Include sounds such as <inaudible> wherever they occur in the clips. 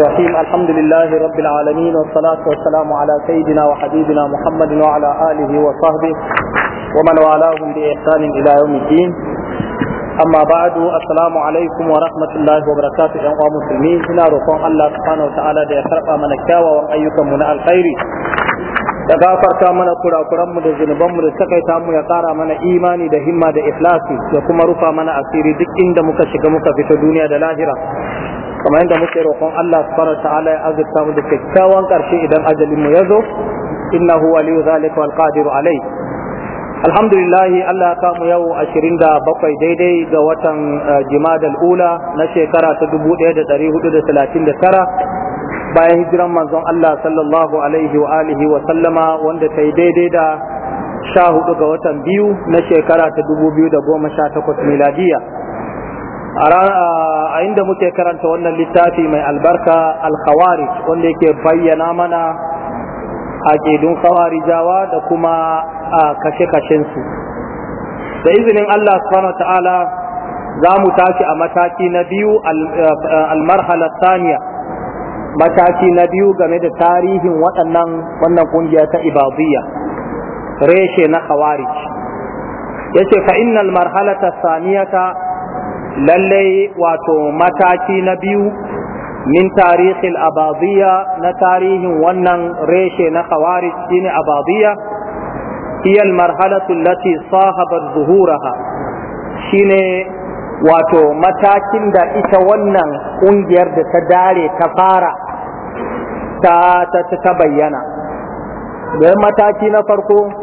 رحيم الحمد لله رب العالمين والصلاة والسلام على سيدنا وحبيبنا محمد وعلى آله وصحبه ومن والاهم بإحسان إلى يوم الدين أما بعد السلام عليكم ورحمة الله وبركاته يا مسلمين هنا رفع الله سبحانه وتعالى دي خرق من الكاوى وأيكم من الخير ya gafarta mana kurakuranmu da zunubanmu da takaita mu ya kara mana imani da himma da ikhlasi ya kuma rufa mana asiri duk inda muka shiga muka fita duniya da lahira kamar yadda muke roƙon Allah subhanahu ta'ala ya azurta mu da kyakkyawan karshe idan ajalin mu yazo innahu waliyu zalika wal qadiru alai alhamdulillah Allah ya kamu yau 27 daidai ga watan eh, jimadal ula na shekara ta 1439 bayan hijiran manzon Allah sallallahu alaihi wa alihi wa sallama wanda ta yi daidai da sha hudu ga watan biyu na shekara ta dubu biyu goma sha miladiya a inda muke karanta wannan littafi mai albarka alkhawari wanda yake bayyana mana aƙidun khawarijawa da kuma a kashe-kashensu da izinin Allah subhanahu ta'ala za mu tashi a mataki na biyu almarhala saniya mataki na biyu game da tarihin waɗannan wannan ƙungiya ta ibadiyya reshe na khawarij yace fa innal marhalata saniyata lallai wato mataki na biyu min tarihil abadiyya na tarihin wannan reshe na khawarij shine abadiyya hiya almarhalatu allati sahabat zuhuraha shine wato matakin da ita wannan ƙungiyar da ta dare ta fara ta bayyana da mataki na farko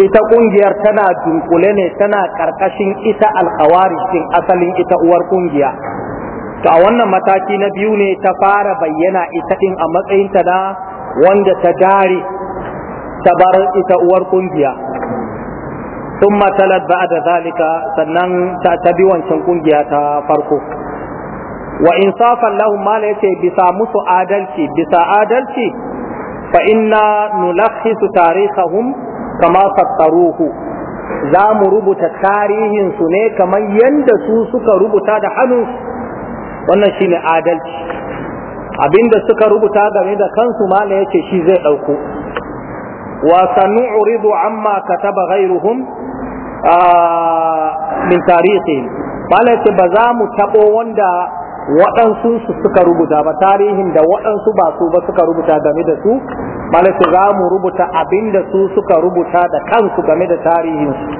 ita kungiyar tana dunkule ne tana karkashin ita alkawarishin asalin ita uwar kungiya to a wannan mataki na biyu ne ta fara bayyana ita din a matsayinta na wanda ta dare ta bar ita uwar kungiya sun matsalar ba da zalika sannan ta bi wancan kungiya ta farko wa insafan lahum mala yace bisa musu adalci bisa adalci fa inna nulakhisu tarihahum kama fattaruhu za mu rubuta tarihinsu ne kamar yadda su suka rubuta da hannu wannan shi ne adalci abinda suka rubuta game da kansu mala ce shi zai ɗauko wa uridu amma kataba ghairuhum min tarihin mala ce ba za mu taɓo wanda waɗansu su suka rubuta ba tarihin da waɗansu ba su ba suka rubuta game da su malaka za mu rubuta abin da su suka rubuta da kansu game da tarihinsu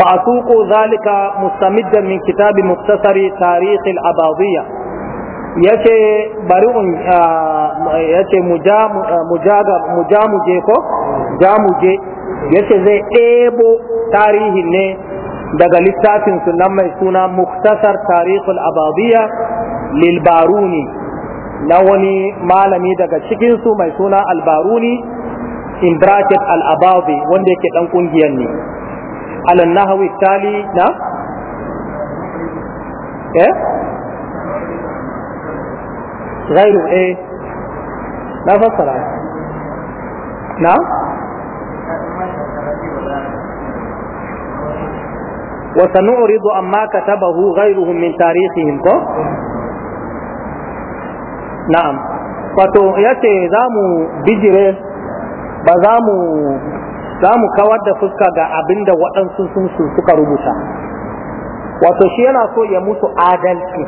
Fasuƙu zalika mustamiddan min kitabi muktasari al abadiyya yace bari un yace mujamuje ko jamuje yace zai ebo tarihin ne daga littafin sunan mai suna muktasar tarihul abadiyya lil baruni na wani malami daga cikinsu mai suna albaruni in bracket al'abawi wanda yake dan kungiyar ne alannahawi tali na eh gairu eh na fassara na وسنعرض عما كتبه min من ko? na'am wato yace za mu bijire ba za mu kawar da fuska ga abinda da waɗansu sun suka rubuta wato shi yana so ya mutu adalci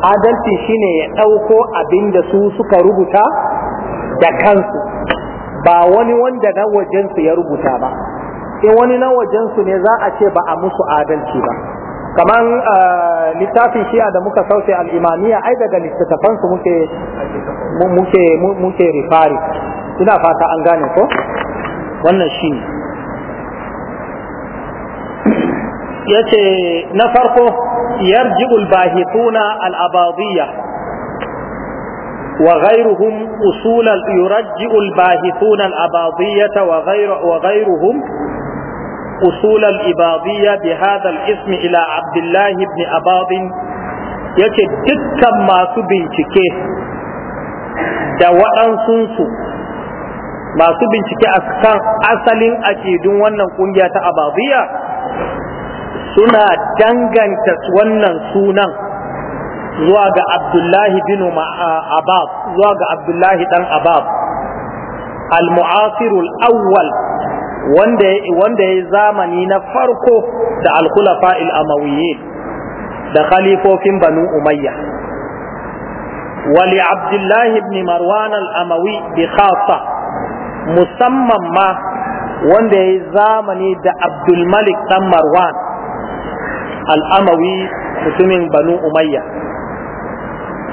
adalci shine ya ɗauko abin su suka rubuta da kansu ba wani wanda na wajensu ya rubuta ba in wani na wajensu ne za a ce ba a musu adalci ba kaman ah, littafin shi'a da muka sauke al'imaniya ai daga littattafansu muke rifari ina fata an gane ko wannan shi <clears throat> ya ce na farko yarji'ul bahithuna al-abadiyya وغيرهم أصول يرجع الباحثون الأباضية وغير وغيرهم أصول الإباضية بهذا الاسم إلى عبد الله بن أباض yace dukkan masu bincike da waɗansunsu masu bincike a kan asalin akidun wannan ƙungiya ta ababiya suna danganta wannan sunan zuwa ga abdullahi bin abab zuwa ga abdullahi dan abab al-mu'asirul awwal wanda wanda ya zamani na farko da al-khulafa al-amawiyyin da khalifofin banu umayya wali abdullahi ibn marwan al-amawi bi khassa musamman ma wanda ya zamani da abdul malik dan marwan al-amawi mutumin banu umayya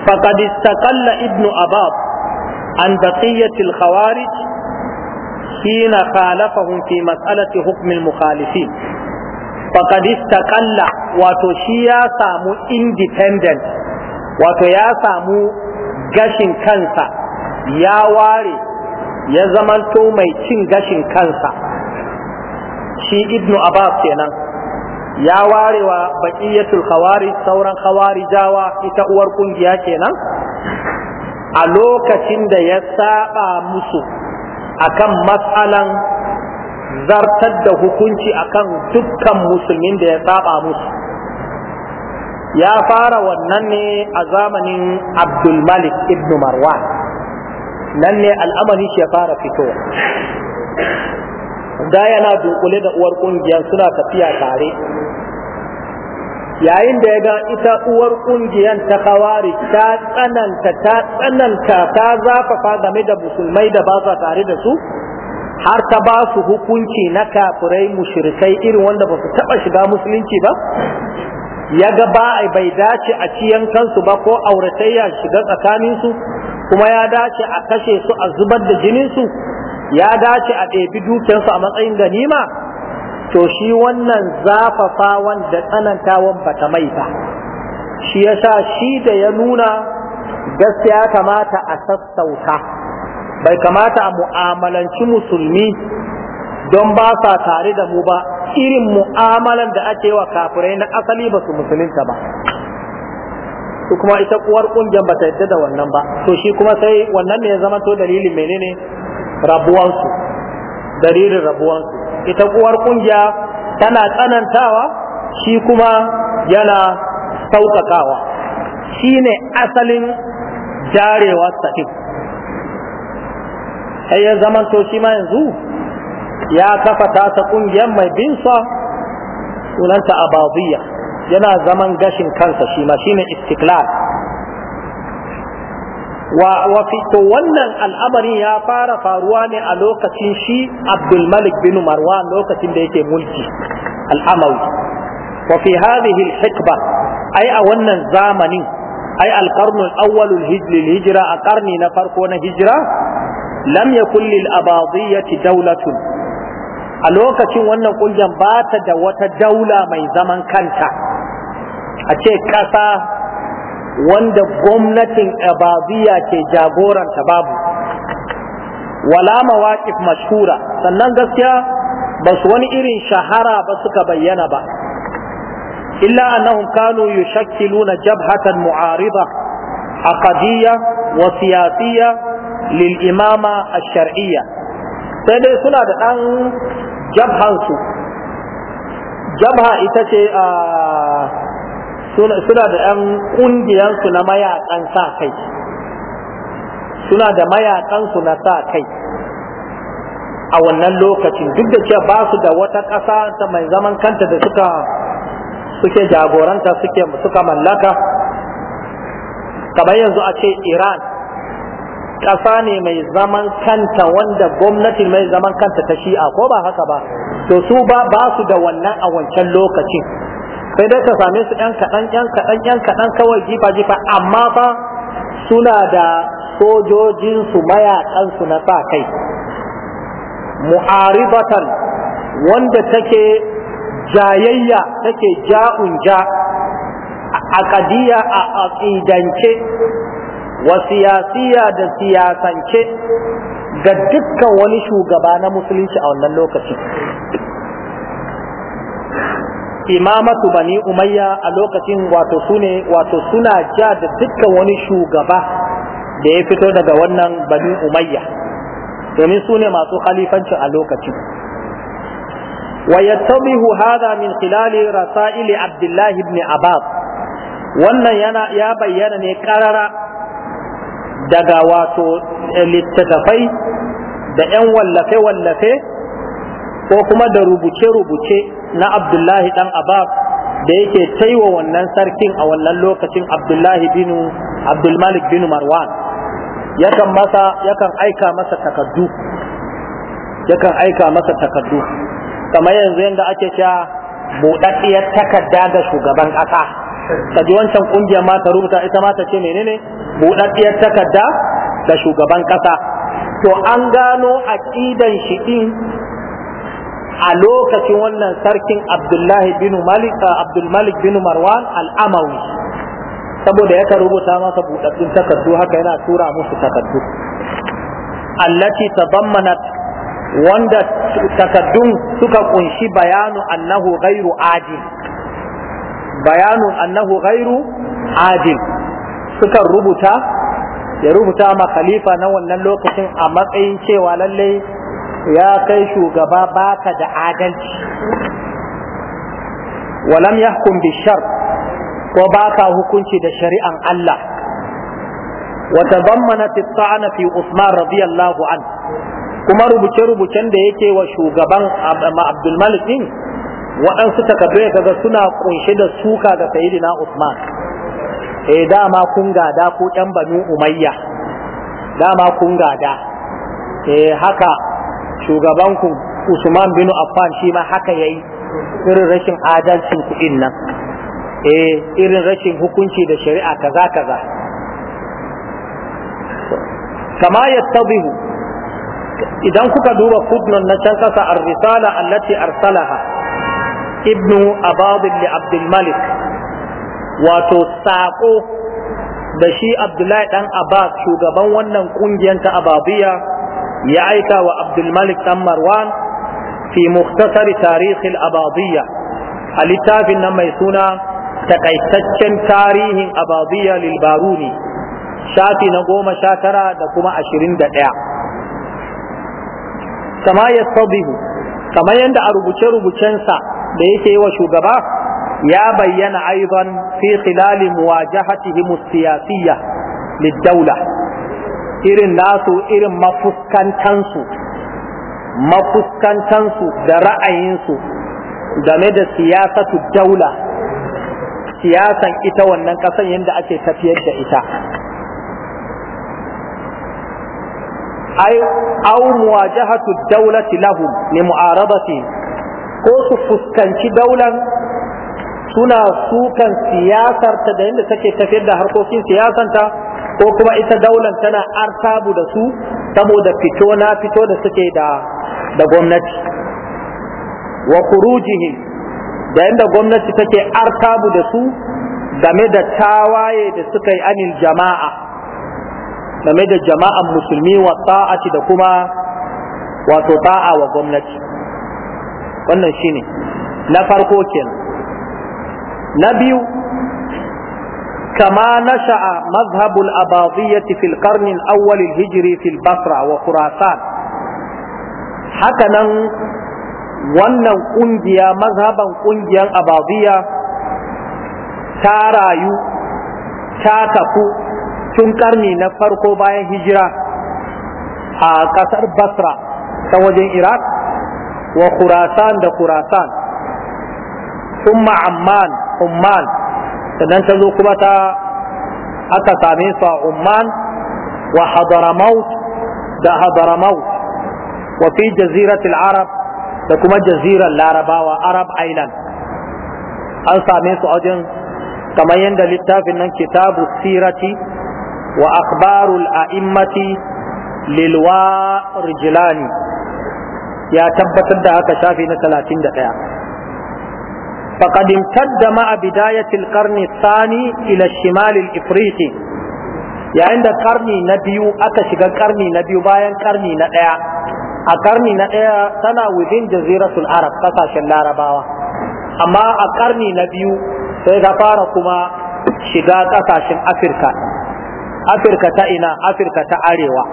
faqad istaqalla ibn abab an baqiyatil khawarij hina khalafahum fi mas'alati hukmil mukhalifin faqad istaqalla wato shi ya samu independent wato ya samu gashin kansa ya ware ya zamanto mai cin gashin kansa shi ibnu abbas kenan ya warewa wa baqiyatul khawarij sauran khawarijawa ita uwar kungiya kenan a lokacin da ya saba musu akan matsalan zartar da hukunci akan dukkan musulmin da ya saba musu ya fara wannan ne a zamanin abdulmalik ibn marwan nan ne al'amari shi ya fara fito. da yana dunkule da uwar kungiyar suna tafiya tare yayin da ya ga ita uwar ƙungiyar ta kawari ta tsananta ta tsananta ta zafafa game da musulmai da ba sa tare da su har ta ba su hukunci na kafirai mushrikai irin wanda ba su taɓa shiga musulunci ba ya ga ba bai dace a ciyan kansu ba ko auratayya shiga tsakaninsu kuma ya dace a kashe su a zubar da jininsu ya dace a ɗebi dukiyarsu a matsayin ganima to shi wannan zafafawan da tsanantawan ba ta mai ba shi ya sa shi da ya nuna gaskiya kamata a sassauta bai kamata a mu'amalanci musulmi don ba sa tare da mu ba irin mu'amalan da ake wa kafirai na asali ba su musulunta ba su kuma ita uwar kungiyar ba ta yadda da wannan ba to shi kuma sai wannan ne ya zama to dalilin menene rabuwansu dalilin rabuwansu ita uwar kungiya tana tsanantawa shi kuma yana sauƙaƙawa ne asalin jarewa saɗin sai ya zamanto shi ma yanzu ya kafa tasa ƙungiyar mai bin sa sunanta abadiyya yana zaman gashin kansa shi ma ne istiklal wa to wannan al'amarin ya fara faruwa ne a lokacin shi Abdul Malik bin Marwan lokacin da yake mulki al'amawi Wafi hadhihi hikba ai a wannan zamanin ai al-qarn al hijra a ƙarni na farko na hijira lam yakul lil abadiyyati dawlatun a lokacin wannan ƙungiyar ba ta da wata daula mai zaman kanta a ce ƙasa. wanda gwamnatin abaziya ke jagoranta babu wala mawaƙif mashura. sannan gaskiya ba su wani irin shahara ba suka bayyana ba illa annahum kanu yushakkiluna jabhatan mu'arida aqadiyya wa siyasiyya lil imama ash-shar'iyya sai dai suna da dan jabhansu jabha ita ce a ah, suna da yan ƙungiyarsu na mayakan sa kai suna da mayakansu na sa kai a wannan lokacin duk da cewa ba su da wata ƙasa ta mai zaman kanta da suka suke jagoranta suke suka mallaka kamar yanzu a ce iran ƙasa ne mai zaman kanta wanda gwamnati mai zaman kanta ta shi'a ko ba haka ba to su ba su da wannan a wancan lokacin sai dai ka same su ɗan kaɗan ɗan kaɗan ɗan kaɗan kawai jifa jifa amma fa suna da sojojinsu mayaƙansu na sa kai mu'aribatan wanda take jayayya take ja'un ja a kadiya a ƙidance wa siyasiya da siyasance ga dukkan wani shugaba na musulunci a wannan lokaci imamatu bani umayya a lokacin wato suna ja da dukkan wani shugaba da ya fito daga wannan bani umayya domin sune masu khalifanci a lokacin wa yattabihu min khilali rasaili abdullahi ibn Abab, wannan yana ya bayyana ne karara daga wato littattafai da 'yan wallafe-wallafe ko kuma da rubuce-rubuce na abdullahi dan abab da yake taiwa wannan sarkin a wannan lokacin abdullahi binu abdulmalik binu marwan yakan masa yakan aika masa takaddu yakan aika masa takaddu kamar yanzu yanda ake cewa buɗaɗɗiyar takarda ga shugaban ƙasa ta ji wancan ƙungiyar ma ta rubuta ita ma ta ce menene buɗaɗɗiyar takarda ga shugaban ƙasa to an gano aƙidan shi ɗin a lokacin wannan sarkin abdullahi bin malik abdulmalik bin marwan al'amawi saboda yaka rubuta masa buɗaɗɗun takardu haka yana tura musu takardu allati tadammanat wanda takardun suka kunshi bayanu annahu ghairu adil bayanu annahu ghairu suka rubuta ya rubuta ma khalifa na wannan lokacin a matsayin cewa lallai ya kai shugaba baka da adalci walam yahkum bi shar ko baka hukunci da shari'an Allah Wata zammana at-ta'ana fi Uthman radiyallahu an kuma rubuce-rubucen da yake wa shugaban Abdul in waɗansu takardu takardun kaga suna kunshe da suka ga Sayyidina usman e dama kun gada ko ɗan Banu Umayya dama kun gada E, haka shugabanku usman bin affan shi ma haka yayi irin rashin adalcin kuɗin nan eh irin rashin hukunci da shari'a kaza kaza kama yattabihu idan kuka duba footnote na can kasa ar-risala allati arsalaha ibnu abad li abdul malik wato sako da shi abdullahi dan abbas shugaban wannan kungiyar ta ababiya ya aika wa abdulmalik dan marwan fi muktasar tarihin abadiyya a littafin nan mai suna takaitaccen tarihin abadiyya lilbaruni shafi na goma sha tara da kuma ashirin da ɗaya kama ya kamar yadda a rubuce-rubucensa da yake yi wa shugaba ya bayyana aizan fi khilali muwajahatihim siyasiyya للدولة irin nasu irin mafuskantansu mafuskantansu da ra'ayinsu game da siyasatu daula siyasan ita wannan kasan yadda ake tafiyar da ita ai aw muwajahatu dawlati lahum li mu'aradati ko su fuskanci daulan suna sukan siyasar ta da yadda take tafiyar da harkokin siyasanta ko kuma ita daular tana arsabu da su saboda fito na fito da suke da da gwamnati wa kurujihi da yadda gwamnati take arsabu da su game da tawaye da suka yi anil jama'a game da jama'an musulmi wa ta'ati da kuma wato ta'a wa gwamnati wannan shine na farko kenan na biyu كما نشأ مذهب الأباضية في القرن الأول الهجري في البصرة وخراسان حكنا wannan ƙungiya mazhaban ƙungiyar ababiya ta rayu ta tafu tun ƙarni na farko bayan hijira a ƙasar basra ta wajen Irak wa khurasan da kurasan. summa amman umman sannan ta zo kuma ta aka same su a Umman wa Hadramaut da Hadramaut wa fi jaziratul Arab da kuma jazirar Larabawa Arab Island an same su wajen kamar yadda littafin nan kitabu sirati wa akhbarul a'immati lilwa rijlani ya tabbatar da haka shafi na 31 فقد امتد مع بداية القرن الثاني إلى الشمال الإفريقي يعني عند قرني نبيو أتشك قرني نبيو باين قرني نأيا أقرني نأيا سنة وذين جزيرة العرب قصاش اللارباوة أما أقرني نبيو سيغفاركما شغا قصاش أفريقيا أفريقيا تأنا أفريقيا تأريوا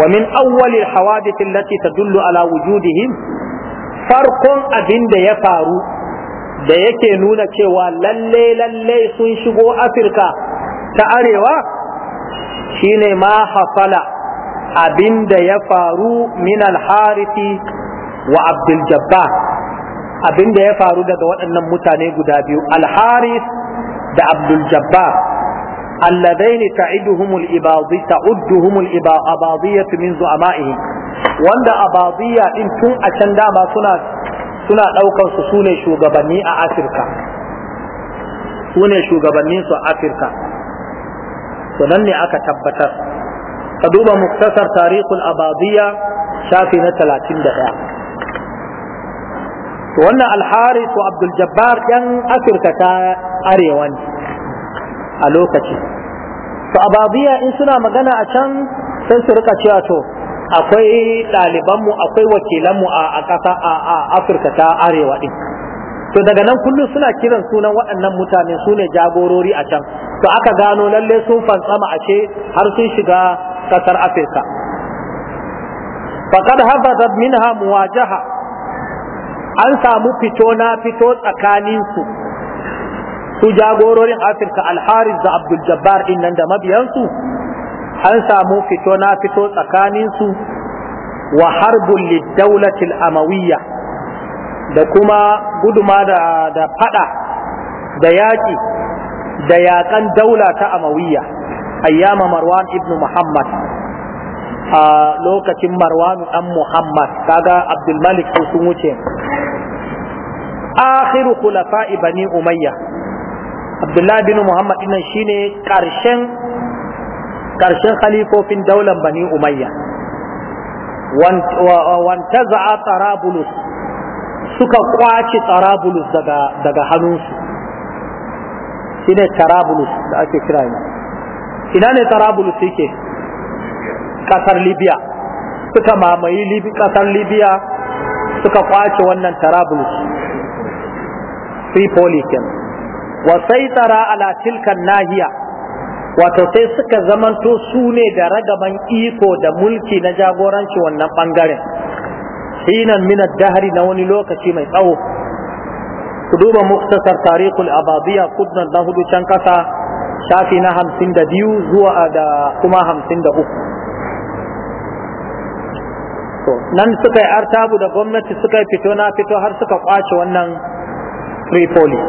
ومن أول الحوادث التي تدل على وجودهم فرق أبين يفارو da yake nuna cewa lalle lalle sun shigo afirka ta arewa shine ma hafala abinda ya faru min alharifi wa abdul jabba, abinda ya faru daga waɗannan mutane guda biyu alharif da abdul alladaini اللذين تعدهم الإباضي تعدهم الإباضية من زعمائهم وند أباضية tun a can dama suna. suna ɗaukar su sune shugabanni a afirka sune shugabannin su a afirka to nan ne aka tabbatar ka duba muktasar tarihul abadiyya shafi na talatin da ɗaya to wannan alharis wa abdul jabbar yan afirka ta arewa ne a lokaci to abadiyya in suna magana a can sai su rika cewa to akwai ɗalibanmu akwai wakilanmu a ƙasa a afirka ta arewa ɗin to daga nan kullum suna kiran sunan waɗannan mutane su ne jagorori a can to aka gano lalle sun fantsama ashe har sun shiga ƙasar afirka faƙar haɓar minha muwajaha an samu fito na fito tsakaninsu su jagororin afirka alharis da abdul jabbar da mabiyansu an samu fito na fito tsakaninsu wa harbun lidaulatil amawiyya da kuma guduma da, da fada da yaƙi da yaƙan daula ta amawiyya ayyama marwan ibn muhammad a lokacin marwan dan muhammad kaga abdulmalik sun wuce akhiru khulafa'i bani umayya abdullahi bin muhammad dinnan shine karshen ƙarshen khalifofin daular bani umayya wanta za'a Tsarabulus, suka kwace Tsarabulus daga hannunsu shi ne tarabulus da ake kira yana ina ne Tsarabulus yake kasar libya suka mamaye kasar libya suka kwace wannan tarabulus tripoli Wasai tsara ala tilkan nahiya wato sai suka zamanto su ne da ragaban iko da mulki na jagoranci wannan bangaren hinan minar dahari na wani lokaci mai tsawo ku duba muktasar tarikul abadiya kudnan na hudu can shafi na hamsin da biyu zuwa da kuma hamsin da uku nan suka yi artabu da gwamnati suka yi fito na fito har suka kwace wannan tripoli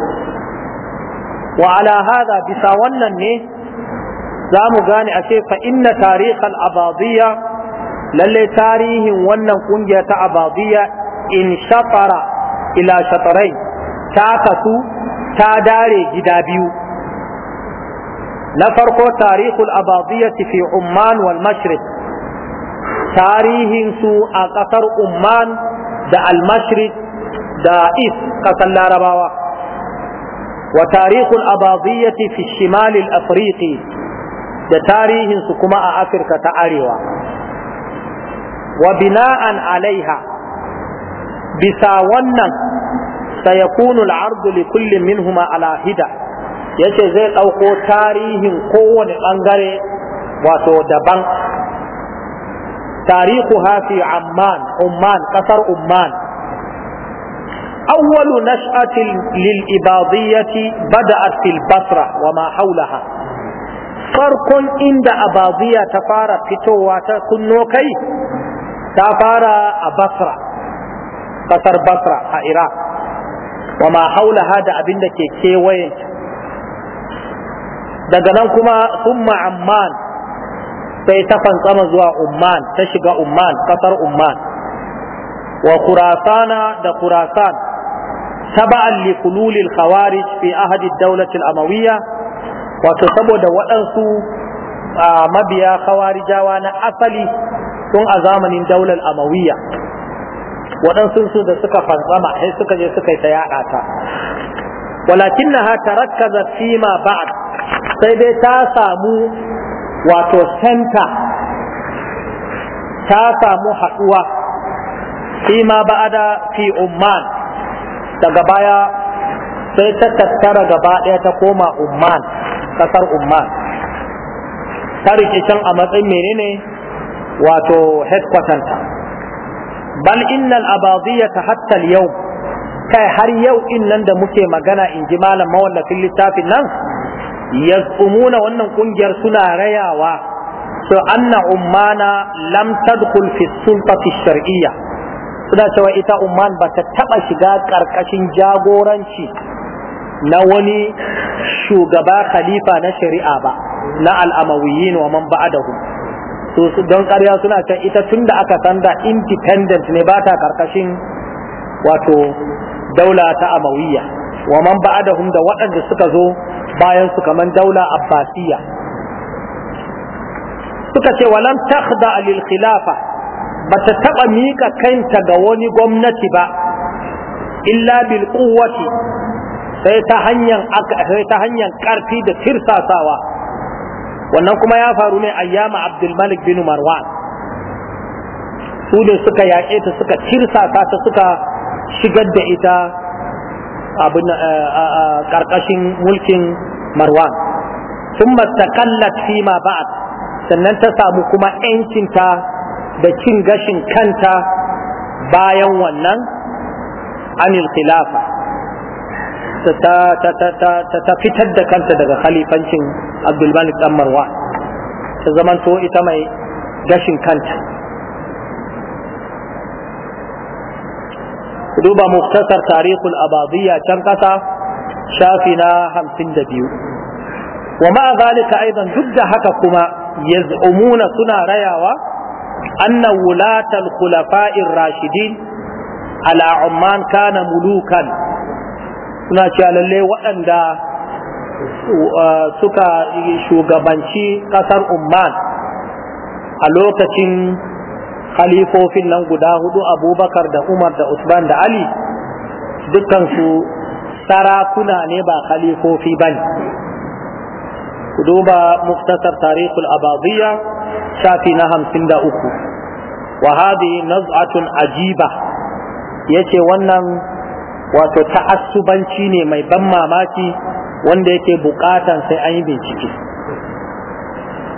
wa ala hada bisa wannan ne za mu gane a ce fa inna tarihal abadiyya lalle tarihin wannan kungiya ta abadiyya in shafara ila shatarai ta kasu ta dare gida biyu na farko tarihul abadiyya fi umman wal mashriq tarihin su a kasar umman da al mashriq da is kasar larabawa wa tarihul abadiyya fi shimal da tarihinsu kuma a afirka ta arewa wa bina'an alaiha bisa wannan sayakunu al'ardu li kullum minhuma ala hida yace zai ɗauko tarihin kowane ɓangare wato daban tarihuha fi amman umman ƙasar umman أول نشأة للإباضية بدأت في البصرة وما حولها farkon inda abaziya ta fara fitowa ta kunno kai ta fara a basra kasar basra a iraq wa ma haulaha da abin da ke kewaye daga nan kuma summa amman sai ta fantsama zuwa umman ta shiga umman kasar umman wa kurasana da kurasan li kululil khawarij fi عهد daulatil Amawiyya. wato saboda waɗansu mabiya jawa na asali tun a zamanin daular amawiya waɗansu su da suka fantsama sai suka je suka yi ta yaɗa ta walakin na tarakkaza fima ba'd sai dai ta samu wato senta ta samu haɗuwa fima da fi umman daga baya sai ta tattara gaba ɗaya ta koma umman kasar umma ta rike a matsayin menene wato headquarter ta bal innal abadiyata hatta al yau, kai har yau in nan da muke magana in ji malam mawallafin littafin nan yazumuna wannan kungiyar suna rayawa so anna ummana lam tadkhul fi sultati shar'iyya suna cewa ita umman ba ta taba shiga karkashin jagoranci na wani shugaba khalifa na shari'a ba na al'amawiyin wa man so don ƙarya suna can ita tun da aka san da independent ne ba ta karkashin wato daula ta wa man da waɗanda suka zo bayan su kaman daula abbasiyya suka ce walam da lil ba bata taɓa mika kanta ga wani gwamnati ba illa bil quwwati sai ta hanyar sai ta hanyar karfi da tirsasawa wannan kuma ya faru ne ayyama Abdul Malik bin Marwan su ne suka yaƙe ta suka tirsasa ta suka shigar da ita abin karkashin eh, mulkin Marwan thumma taqallat fi ma ba'ad, sannan ta samu kuma yancinta da cin gashin kanta bayan wannan anil khilafa ta fitar da kanta daga khalifancin abdulmalik dan marwa ta zamanto ita mai gashin kanta duba muktasar tarihul abadiyya can kasa shafi na hamsin da biyu wa ma'a zalika aidan duk da haka kuma yaz'umuna suna rayawa anna wulatal khulafa'ir rashidin ala umman kana mulukan suna cewa lalle waɗanda uh, suka shugabanci ƙasar Umman a lokacin khalifofin nan guda hudu abubakar da umar da usman da ali dukkansu sarakuna ne ba khalifofi ba ne ku duba muktasar tarihul abadiyya shafi na hamsin da uku wa hadhihi naz'atun ajiba yace wannan wato ta'assubanci ne mai ban mamaki wanda yake bukatan sai an yi bincike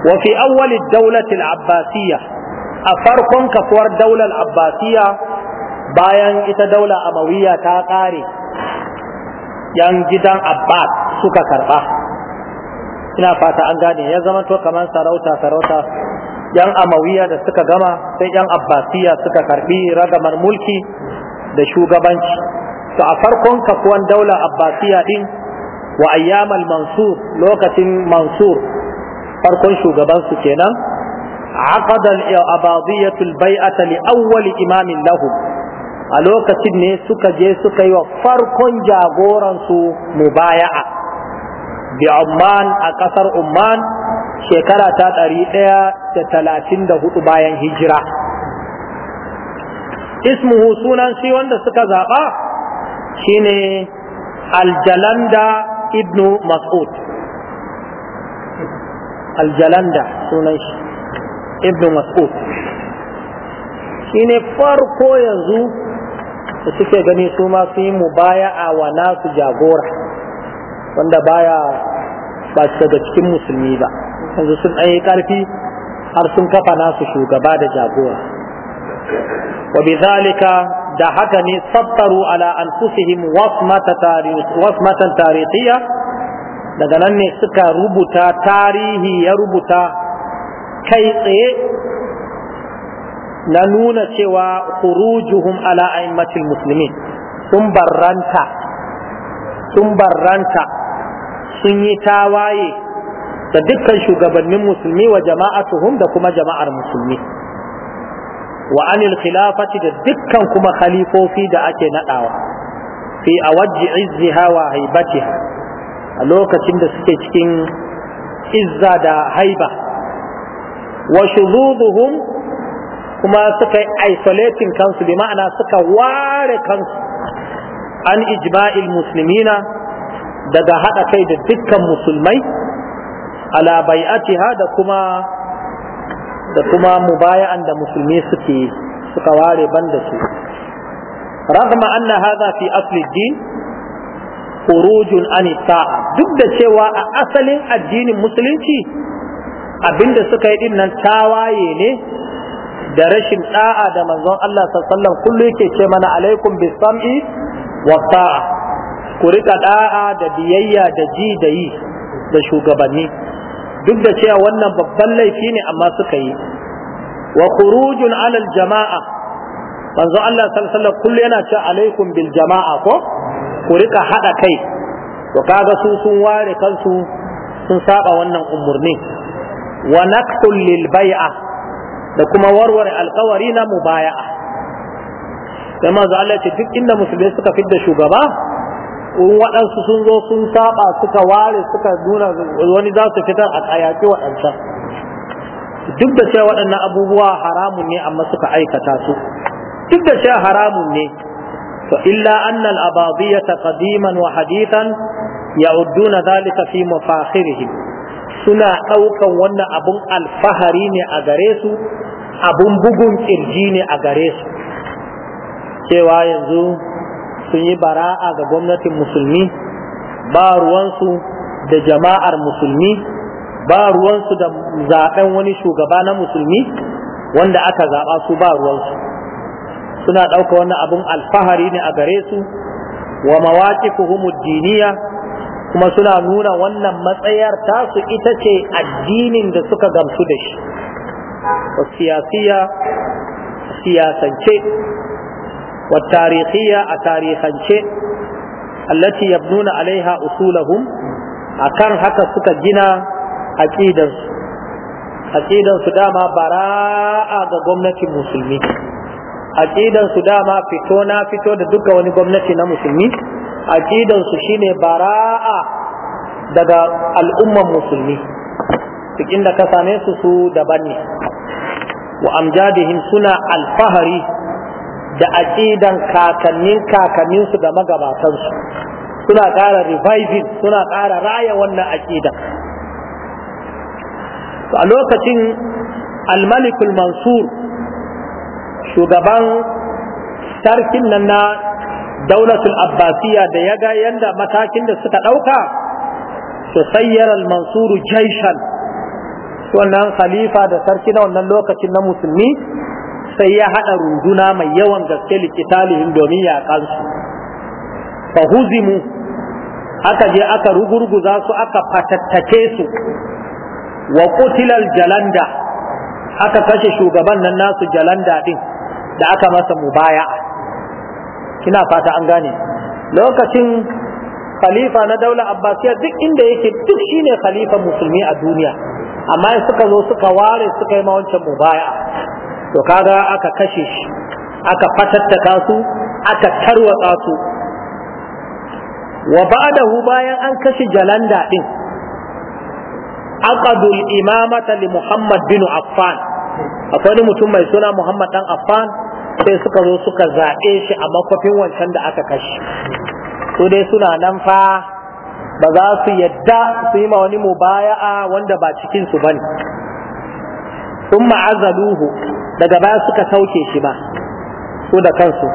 wa fi awwal ad-dawlati al-abbasiyya a farkon kafuwar daular abbasiyya bayan ita daula amawiyya ta kare yan gidan abbas suka karba ina fata an gane ya zama to kamar sarauta sarauta yan amawiyya da suka gama sai yan abbasiyya suka karbi ragamar mulki da shugabanci to a farkon kasuwan daula abbasiya ɗin, wa ayyamal mansur lokacin mansur farkon shugaban su kenan عقد الأباضية البيعة لأول إمام لهم a lokacin ne suka je suka yi wa farkon jagoransu mubaya'a bi Oman a ƙasar Umman shekara ta ɗari ɗaya da talatin da hudu bayan hijira. Ismuhu sunan shi wanda suka zaɓa shine aljalanda ibnu mas'ud aljalanda sunan shi ibnu mas'ud shine farko yanzu da suke gani su ma su yi mubaya'a wa nasu jagora wanda baya ba su daga cikin musulmi ba yanzu sun ɗanyi ƙarfi har sun kafa nasu shugaba da jagora wa bi da haka ne sattaru ala anfusihim wasmatan tarihiya daga nan ne suka rubuta tarihi ya rubuta kai tsaye na nuna cewa khurujuhum ala aimmatil muslimin sun barranta sun barranta sun yi tawaye da dukkan shugabannin musulmi wa jama'atuhum da kuma jama'ar musulmi wa anil khilafati da dukkan kuma khalifofi da ake nadawa fi awajji izziha wa haibatiha a lokacin da suke cikin izza da haiba wa shuzuduhum kuma suka isolating kansu bi ma'ana suka ware kansu an ijma'il muslimina daga haɗa kai da dukkan musulmai ala bai'atiha da kuma da kuma mubaya'an da musulmi suke suka ware banda su رغم anna هذا fi asli din خروج an ta'a duk da cewa a asalin addinin musulunci abinda suka yi din nan tawaye ne da rashin da'a da manzon Allah sallallahu kullu yake ce mana alaikum bis sam'i wa ta'a ku rika da'a da biyayya da ji da yi da shugabanni duk da cewa wannan babban laifi ne amma suka yi wa khurujun alal jama'a manzo Allah sallallahu alaihi wasallam yana cewa alaikum bil jama'a ko ku rika hada kai to kaga su sun ware kansu sun saba wannan umurni wa naqtul lil bai'a da kuma warware alkawari na mubaya'a sai manzo Allah ya ce duk inda musulmai suka fidda shugaba waɗansu sun zo sun saba suka ware suka nuna wani za su fitar a yaƙi waɗancan duk da cewa waɗannan abubuwa haramun ne amma suka aikata su duk da cewa haramun ne to illa annal abadiyata qadiman wa hadithan ya'udduna dhalika fi mafakhirihim suna ɗaukan wannan abun alfahari ne a gare su abun bugun kirji ne a gare su cewa yanzu sun yi bara'a ga gwamnatin musulmi ba ruwansu da jama'ar musulmi ba ruwansu da zaben wani shugaba na musulmi wanda aka zaɓa su ba ruwansu suna ɗauka wani abin alfahari ne a gare su wa mawaƙifuhumud diniya kuma suna nuna wannan matsayar tasu ita ce addinin da suka gamsu da shi siyasiya siyasance والتاريخية ya شيء التي يبنون عليها أصولهم أكان حكا سكا جنا أكيدا أكيدا سداما براءة ga المسلمين aqidan su dama fito na fito da duka wani gwamnati na musulmi aqidan shine bara'a daga al'umman musulmi cikin da ka same su su daban ne wa amjadihim suna alfahari da aqidan kakannin kakanninsu da magabatansu suna ƙara reviving suna ƙara raya wannan aqidan a lokacin almalikul mansur shugaban sarkin nan na daulatul abbasiya da ya ga yadda matakin da suka ɗauka to sayyar mansuru jaishan wannan khalifa da sarki na wannan lokacin na musulmi sai ya haɗa runduna mai yawan gaske likita domin yaƙansu fa huzimu aka je aka rugurguza su aka fatattake su wa kutilal jalanda aka kashe shugaban nan nasu jalanda ɗin da aka masa mubaya kina fata an gane lokacin khalifa na daular abbasiya duk inda yake duk shine khalifa musulmi a duniya amma suka zo suka ware suka yi ma wancan mubaya to kaga aka kashe shi aka fatattaka su aka tarwatsa su wa ba'dahu bayan an kashe jalanda din aqadul imamata li Muhammad bin Affan akwai wani mutum mai suna Muhammad dan Affan sai suka zo suka zaɓe shi a makwafin wancan da aka kashe su dai suna nan fa ba za su yadda su yi ma wani mubaya'a wanda ba cikin su bane sun ma'azaluhu daga baya suka sauke shi ba su da kansu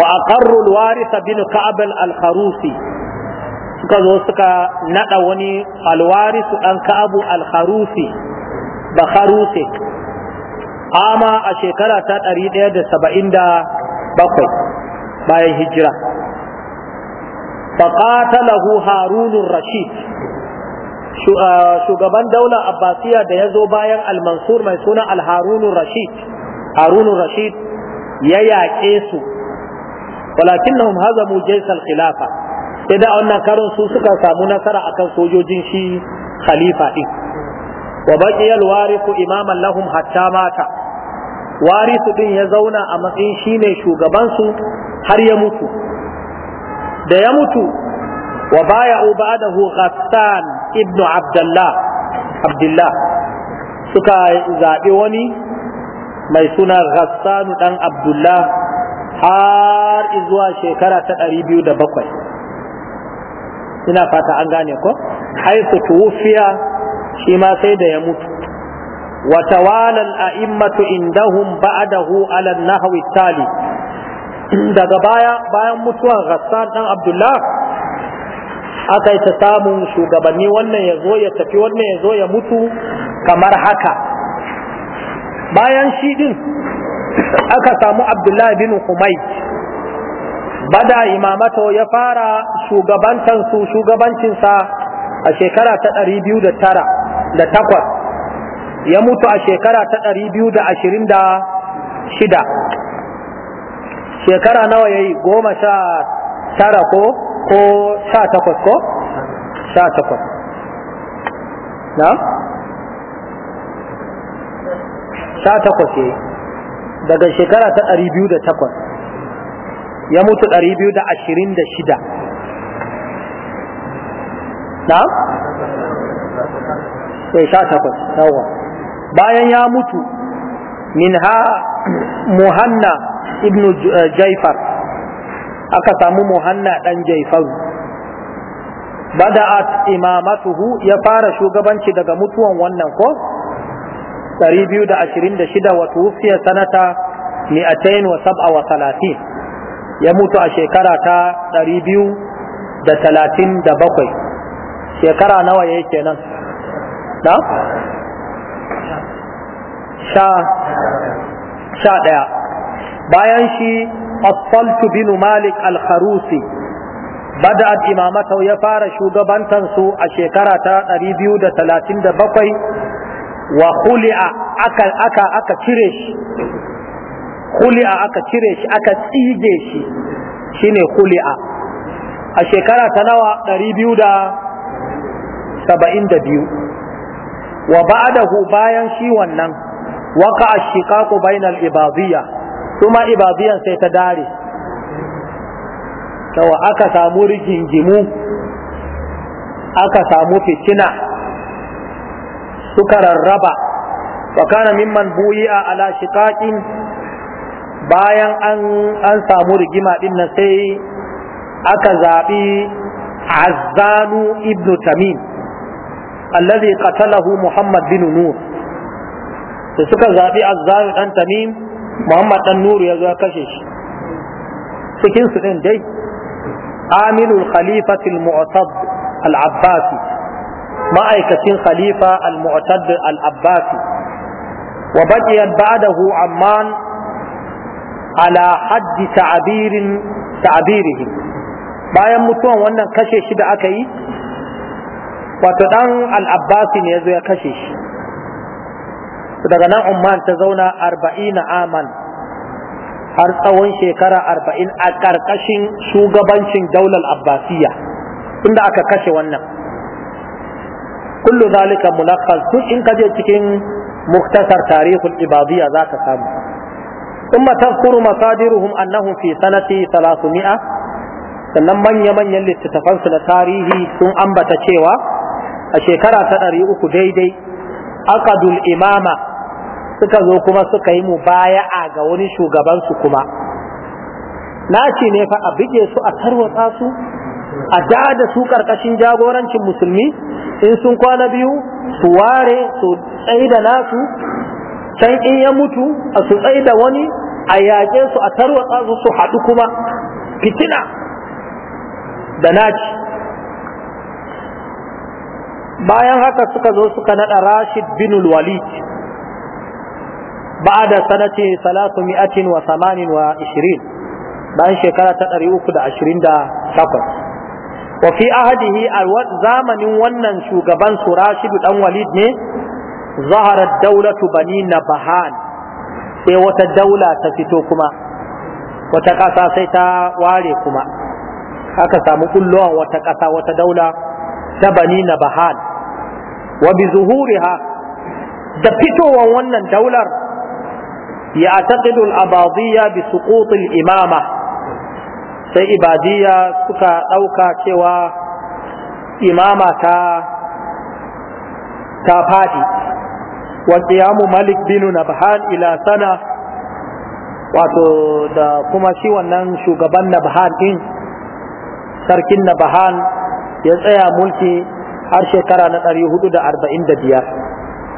wa a al-warith bin ka'ab al-kharusi suka zo suka naɗa wani al ɗan ka'abu ka'ab al-kharusi da kharusi ama a shekara ta ɗari ɗaya da da bakwai, bayan hijira faqatalahu harunur rashid Ah, shugaban daula abbasiya da ya zo bayan al-mansur mai suna al rashid harunun rashid ya yaƙe su Walakin walakinnahum hazamu jaysal khilafa sai da wannan karin su suka samu nasara akan sojojin shi khalifa din wa baqiya al-warithu imaman lahum hatta mata warisu din ya zauna a matsayin shine shugaban su har ya mutu da ya mutu وبايعوا بعده غسان ابن عبد الله عبد الله suka zaɓi wani mai sunan Ghassanu ɗan Abdullah har zuwa shekara ta ɗari biyu da bakwai. Ina fata an gane ko? Haisu tuwufiya shi ma sai da ya mutu. Wata walal a'immatu indahum ba'adahu ala nahawi tali. Daga baya bayan mutuwar Rassan ɗan Abdullah aka yi ta samun shugabanni wannan ya zo ya tafi wannan ya zo ya mutu kamar haka bayan shi din aka samu abdullahi bin humai bada imamato ya fara shugabantansu shugabancinsa a shekara ta ɗari biyu da tara da takwas ya mutu a shekara ta ɗari biyu da ashirin da shida shekara nawa ya yi goma sha tara ko ko sha takwas ko sha takwas na sha takwas ne daga shekara ta ɗari biyu da takwas ya mutu ɗari biyu da ashirin da shida na sai eh, sha takwas yawa bayan ya mutu min ha muhanna ibnu eh, jaifar aka samu muhanna dan jaifau bada'at imamatuhu ya fara shugabanci daga mutuwan wannan ko 226 wa tufiya sanata 237 ya mutu a shekara ta 237 shekara nawa yake kenan na sha sha daya bayan shi الصلت بن مالك الخروسي بدأت إمامته يفار شوغبان تنسو أشيكرة ريبيو دا ثلاثين دا بقي وخلع أكا أكا أكا تريش خلع أكا تريش أكا تيجيش شيني خلع أشيكرة تنوى ريبيو دا سبعين دا بيو وبعده باين شي ونن وقع الشقاق بين الإباضية kuma ibadiyan sai ta dare tawa aka samu rigingimu aka samu fitina suka rarraba wa kana mimman buyi'a ala shiqaqin bayan an samu rigima din nan sai aka zaɓi azzanu ibnu tamim alladhi qatalahu muhammad bin nur da suka zaɓi azzanu dan tamim muhammad dan nuru ya zo ya kashe shi cikin su din dai amilul khalifatul mu'tad al-abbasi ma'aikacin khalifa al-mu'tad al-abbasi wa baqiyat ba'dahu amman ala haddi ta'birin ta'birihi bayan mutuwan wannan kashe shi da aka yi wato dan al-abbasi ne ya zo ya kashe shi daga nan Umman ta zauna arba'ina aman har tsawon shekara arba'in a ƙarƙashin shugabancin daular abbasiya inda aka kashe wannan kullu zalika mulaqqas tun in kaje cikin muktasar tarihul ibadiyya zaka samu thumma tazkuru masadiruhum annahum fi sanati 300 sannan manya manyan littattafan su na tarihi sun ambata cewa a shekara ta 300 daidai aqadul imama suka zo kuma suka yi mu a ga wani shugabansu kuma Na ce ne fa a bige su a tarwatsa su a da su karkashin jagorancin musulmi in sun kwana biyu su ware su tsaye da nasu can in ya mutu a su tsaye da wani a yaƙe su a tarwatsa su su haɗu kuma fitina da naci bayan haka suka zo suka naɗa rashid bin walid بعد سنة ثلاثمائة وثمان وعشرين بان شكرا تقريوك دا عشرين دا شفر وفي أهده الزامن ونن شوغبان سراشد الأن وليد ظهرت دولة بني نبهان sai wata daula ta fito kuma wata ƙasa sai ta ware kuma aka samu kullowa wata ƙasa wata daula ta bani na bahal wa bi zuhuriha da fitowan wannan daular يعتقد الأباضية بسقوط الإمامة sai ibadiyya suka ɗauka cewa imama ta ta faɗi wa malik bin nabhan ila sana wato da kuma shi wannan shugaban nabhan ɗin sarkin nabhan ya tsaya mulki har shekara na 445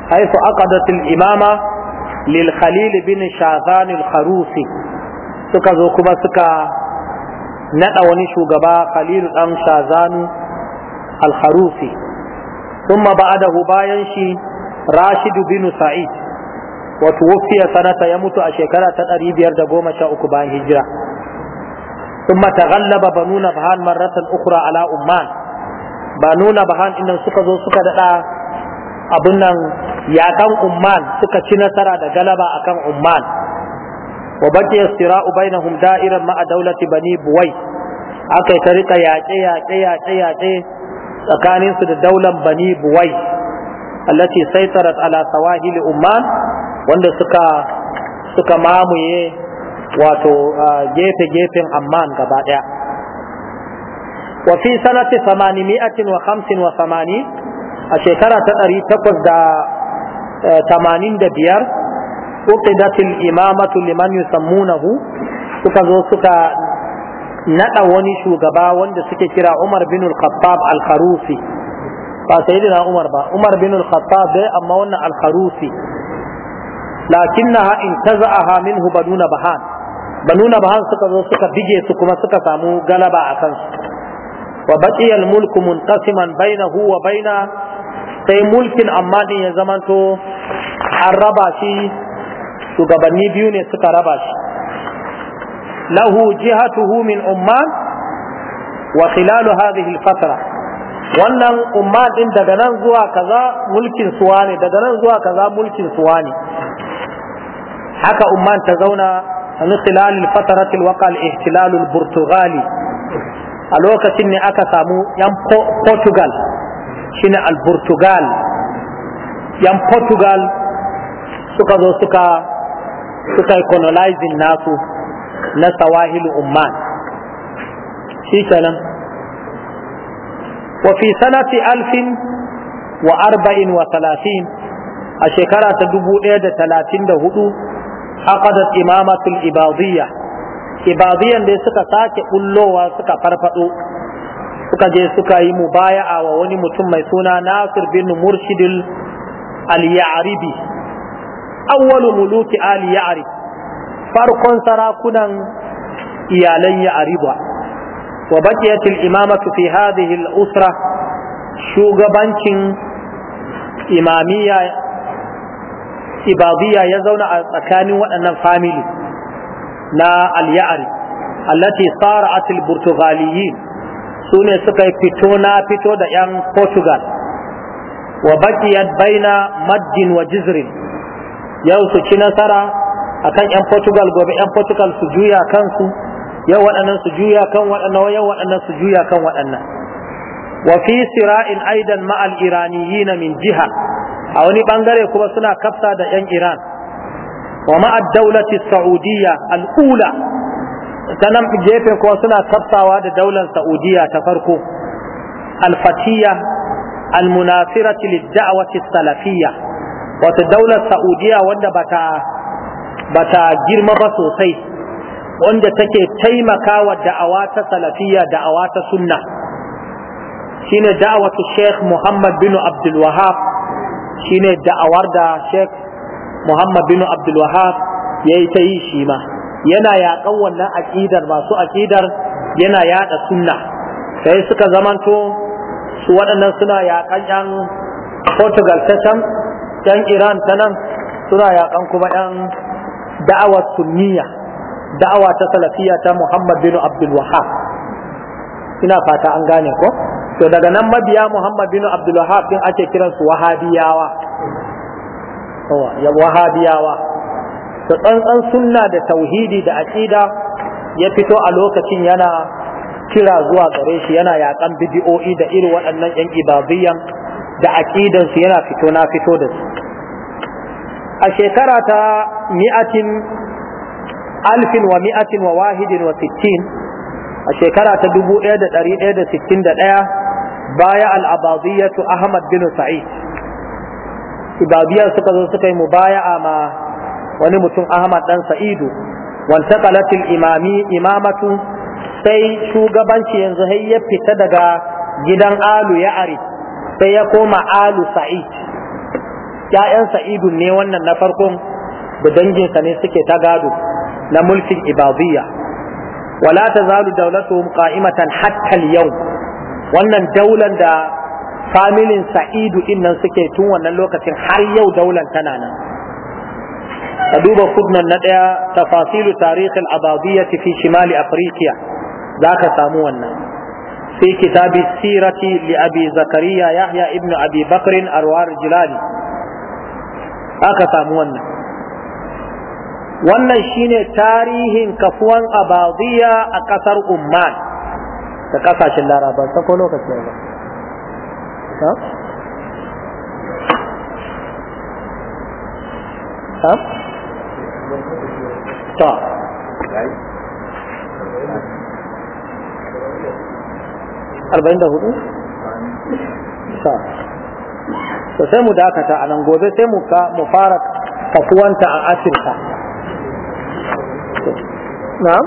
haifu aqadatul imama للخليل بن شاذان الخروسي suka zo kuma suka naɗa wani shugaba khalil dan shazan al-harusi ba ba'dahu bayan shi rashid bin sa'id wa tuwfiya sanata yamutu a shekara ta ɗari 513 bayan hijira thumma taghallaba banu nabhan marratan ukhra ala umman banu nabhan inda suka zo suka dada abun nan yakan umman suka ci nasara da galaba akan umman wa baki istira'u bainahum da'iran ma'a daulati bani buwai aka ta rika yaƙe yaƙe yaƙe yaƙe tsakanin su da daular bani buwai allati saitarat ala sawahili umman wanda suka suka mamaye wato gefe gefen amman gaba daya wa fi sanati 885 a shekara ta 800 tamanin da biyar uqidatil imamatu liman yusammunahu suka zo suka nada wani shugaba wanda suke kira Umar bin al-Khattab al-Kharusi ba sayyidina Umar ba Umar bin al-Khattab dai amma wannan al-Kharusi lakinnaha intaza'aha minhu banuna bahan banuna bahan suka zo suka bige su kuma suka samu galaba a kansu wa baqiya mulku munqasiman bainahu wa baina sai mulkin amma din ya zamanto an raba shi shugabanni biyu ne suka raba shi lahu jihatuhu min umman wa khilalu hadhihi al wannan umman din daga nan zuwa kaza mulkin suwa ne daga nan zuwa kaza mulkin suwa ne haka umman ta zauna min khilal al-fatrat al-waqa a lokacin ne aka samu yan Portugal shine al-Portugal yan Portugal suka zo suka suka colonizing nasu na sawahil Umman shi kenan wa fi sanati alfin wa arba'in wa talatin a shekara ta dubu ɗaya da talatin da hudu aqadat imamatul ibadiyya ibadiyan da suka sake ɓullowa suka farfado suka je suka yi mubaya'a wa wani mutum mai suna Nasir bin Murshid al-Ya'ribi awwalu muluki ali Ya'rib farkon sarakunan iyalan Ya'riba wa baqiyat al-imamatu fi hadhihi al-usra shugabancin imamiyya ibadiyya ya zauna a tsakanin waɗannan family na al-Ya'rib allati sara'at al-Portugaliyyin su ne suka yi fito na fito da 'yan portugal wa bakiyar baina maddin wa jizrin yau su ci nasara kan 'yan portugal gobe 'yan portugal su juya kansu yau waɗannan su juya kan waɗannan yau waɗannan su juya kan waɗannan wa fi sira'in aidan ma'al na min jiha a wani bangare kuma suna kafsa da 'yan iran wa ma'ad daulati saudiyya al'ula ta nan gefe kuwa suna tafsawa da daular saudiya ta farko alfatiya almunasirati lidda'awati salafiyya wato daular saudiya wanda bata bata girma ba sosai wanda take taimakawa da'awa ta salafiyya da'awa ta sunna shine da'awatu sheikh muhammad bin abdul shine da'awar da sheikh muhammad bin abdul wahab yayi ta yi shi ma yana yaƙan wannan aƙidar masu aƙidar yana yaɗa sunna sai suka zamanto su waɗannan suna yaƙan yan portugal ta can iran ta nan suna yaƙan kuma yan da'awar sunniya da'awa ta salafiya ta muhammad bin abdul wahab ina fata an gane ko to daga nan mabiya muhammad bin abdul wahab din ake kiransu wahabiyawa wahabiyawa da tsantsan sunna da tauhidi da aqida ya fito a lokacin yana kira zuwa gare shi yana yakan bidi'o'i da irin waɗannan yan ibadiyyan da aqidan su yana fito na fito da su a shekara ta mi'atin alfin wa mi'atin wa wahidin wa sittin a shekara ta dubu ɗaya da ɗari ɗaya da sittin da ɗaya baya al'abadiyyatu ahmad bin sa'id suka zo suka yi mubaya'a ma wani mutum Ahmad dan Sa'idu وانتقلت imami imamatu sai shugabanci yanzu sai ya fita daga gidan alu ya ari sai ya koma alu sa'id ya'yan Sa'idu ne wannan na farkon da danginsa ne suke ta gado na mulkin ibadiyya wala ta zalu daulatuhum qa'imatan hatta yau wannan daular da familin sa'idu din nan suke tun wannan lokacin har yau daular tana nan ka duba kudnan na ɗaya tafasilu tarihin ababiyya fi shimali afirkiya za ka samu wannan sai kitabi sirati li abi zakariya yahya Ibn abi bakrin arwar jilali za ka samu wannan wannan shine tarihin kafuwan abadiyya a ƙasar umman da kasashen laraba sako lokaci ba Huh? ta arba'in da hudu ta to sai mu dakata a nan gobe sai mu fara kafuwanta a afirka na'am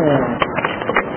Yeah. Hmm.